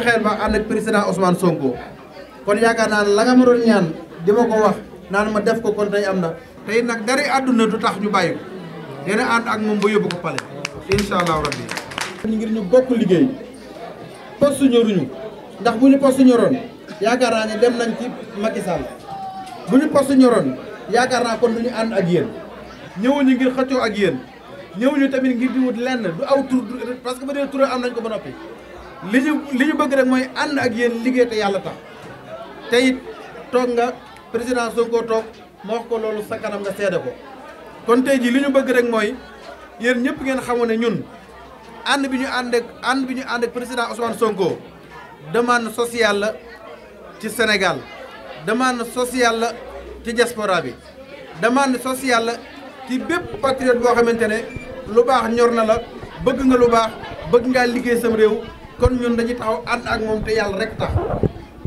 fexeel ba ànd ak président Ousmane Sonko kon yaakaar naa la nga ma doon ñaan di ma ko wax naan ma def ko kon tey am na tey nag dari àdduna du tax ñu bàyyi ko dina ànd ak moom ba yóbbu ko pale incha allahu rabbi ñu ngir ñu bokk liggéey poste ñoruñu ndax bu ñu poste ñoroon yaakaar naa ne dem nañ ci Macky Sall bu ñu poste ñoroon yaakaar naa kon du ñu ànd ak yéen ñëwuñu ngir xëccoo ak yéen ñëwuñu tamit ngir di wut lenn du aw tur parce que ba dee tur am nañ ko ba noppi li ñu li ñu bëgg rek mooy ànd ak yéen liggéey te yàlla tax tey it toog nga président Sonko toog moo wax ko loolu sa kanam nga seede ko kon tey jii li ñu bëgg rek mooy yéen ñëpp ngeen xamoon ne ñun ànd bi ñu ànd ak ànd bi ñu ànd ak président Ousmane Sonko demande sociale la ci Sénégal demande sociale la ci diaspora bi demande sociale la ci bépp patriote boo xamante ne lu baax ñor na la bëgg nga lu baax bëgg ngaa liggéey sama réew kon ñun dañu taxaw ànd ak moom te yàlla rek tax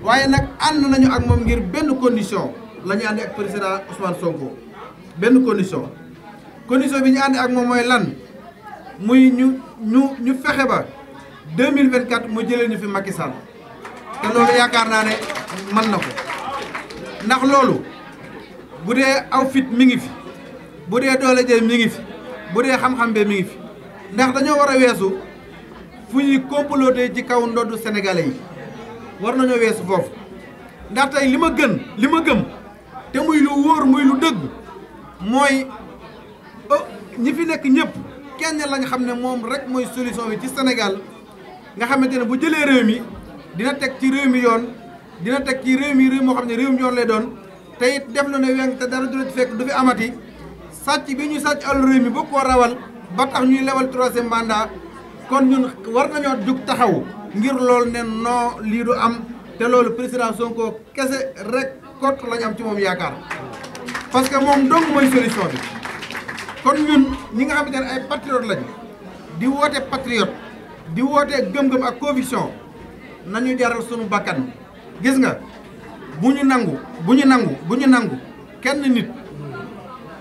waaye nag ànd nañu ak moom ngir benn condition lañu ñu ànd ak président Ousmane Sonko benn condition condition bi ñu ànd ak moom mooy lan muy ñu ñu ñu fexe ba 2024 mu jëlee ñu fi Macky Sall te loolu yaakaar naa ne mën na ko ndax loolu bu dee aw fit mi ngi fi bu dee doole jee mi ngi fi bu dee xam-xam bee mi ngi fi ndax dañoo war a weesu. fu ñuy comploter ci kaw ndoddu sénégalais yi war nañoo weesu foofu ndax tey li ma gën li ma gëm te muy lu wóor muy lu dëgg mooy oh, ñi fi nekk ñëpp kenn nga xam ne moom rek mooy solution bi ci Sénégal nga xamante ne bu jëlee réew mi dina teg ci réew mi yoon dina teg ci réew mi réew moo xam ne réew mi yoon lay doon te it def lu ne weng te dara du la fekk du fi amati sàcc bi ñu sàcc àll réew mi boo ko rawal ba tax ñuy lewal troisième mandat kon ñun war nañoo jug taxaw ngir loolu ne non lii du am te loolu président Sonko kese rek kot lañ am ci moom yaakaar parce que moom dong mooy solution bi kon ñun ñi nga xamante ay patriote lañ di woote patriote di woote gëm-gëm ak conviction nañu jaral sunu bakkan gis nga bu ñu nangu bu ñu nangu bu ñu nangu kenn nit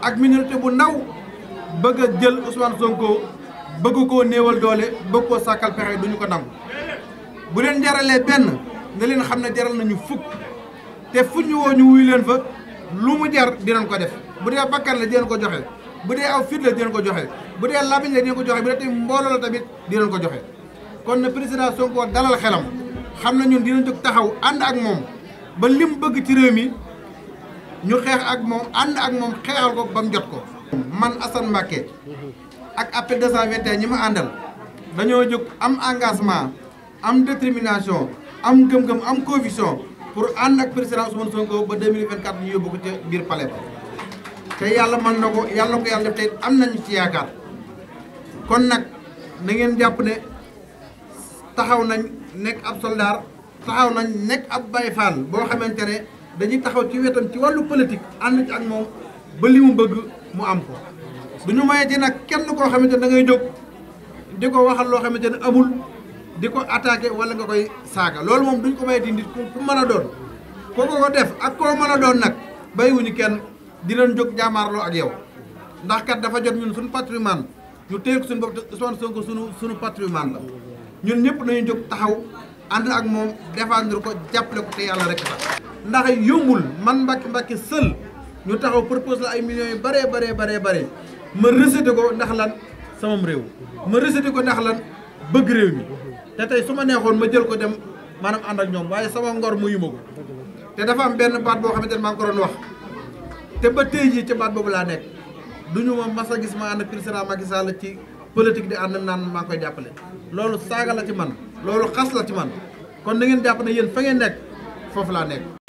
ak minorité bu ndaw bëgg a jël Ousmane Sonko. bëgg koo néewal doole bëgg koo sàkkal pexe duñu ko nangu bu leen jaralee benn na leen xam ne jaral nañu fukk te fu ñu woo ñu wuyu leen fa lu mu jar dinañ ko def bu dee bakkan la dinañ ko joxe bu dee aw fit la dinañ ko joxe bu dee labiñ la dinañ ko joxe bu dee tamit mbooloo la tamit dinañ ko joxe kon na président Sonko dalal xelam xam na ñun dina jóg taxaw ànd ak moom ba lim bëgg ci réew mi ñu xeex ak moom ànd ak moom xeexal ko ba mu jot ko man Assane ak appel 221 ñi ma àndal dañoo jóg am engagement am détermination am gëm-gëm am conviction pour ànd ak président Ousmane Sonko ba 2024 ñu yóbbu ko ca biir palais te yàlla mën na ko yàlla ko yàlla def tey am nañu ci yaakaar kon nag na ngeen jàpp ne taxaw nañ nekk ab soldaar taxaw nañ nekk ab Baay Faal boo xamante ne dañuy taxaw ci wetam ci wàllu politique ànd ak moom ba li mu bëgg mu am ko du ñu mayati nag kenn koo xamante ne da ngay jóg di ko waxal loo xamante ne amul di ko attaqué wala nga koy saaka loolu moom duñ ko mayati nit ku mën a doon ko ko def ak koo mën a doon nag ñu kenn di leen jóg jaamaarloo ak yow ndax kat dafa jot ñun suñu patrimoine ñu téye ko suñu bopp te Ousmane Sonko suñu suñu patrimoine la ñun ñëpp nañu jóg taxaw ànd ak moom défendre ko jàppale ko te yàlla rek sax ndax yombul man Mbacké Mbacké seul ñu taxaw propose la ay millions yu bëree bëree bëree bëri ma rejeté ko ndax lan samam réew ma rejeté ko ndax lan bëgg réew mi te tey su ma neexoon ma jël ko dem maanaam ànd ak ñoom waaye sama ngor mu yuma ko te dafa am benn baat boo xamante ne maa ngi ko doon wax te ba tey jii ci baat boobu laa nekk du ñu ma mas a gis ma ànd ak président Macky Sall ci politique di ànd naan maa ngi koy jàppale loolu saaga la ci man loolu xas la ci man kon na ngeen jàpp na yéen fa ngeen nekk foofu laa nekk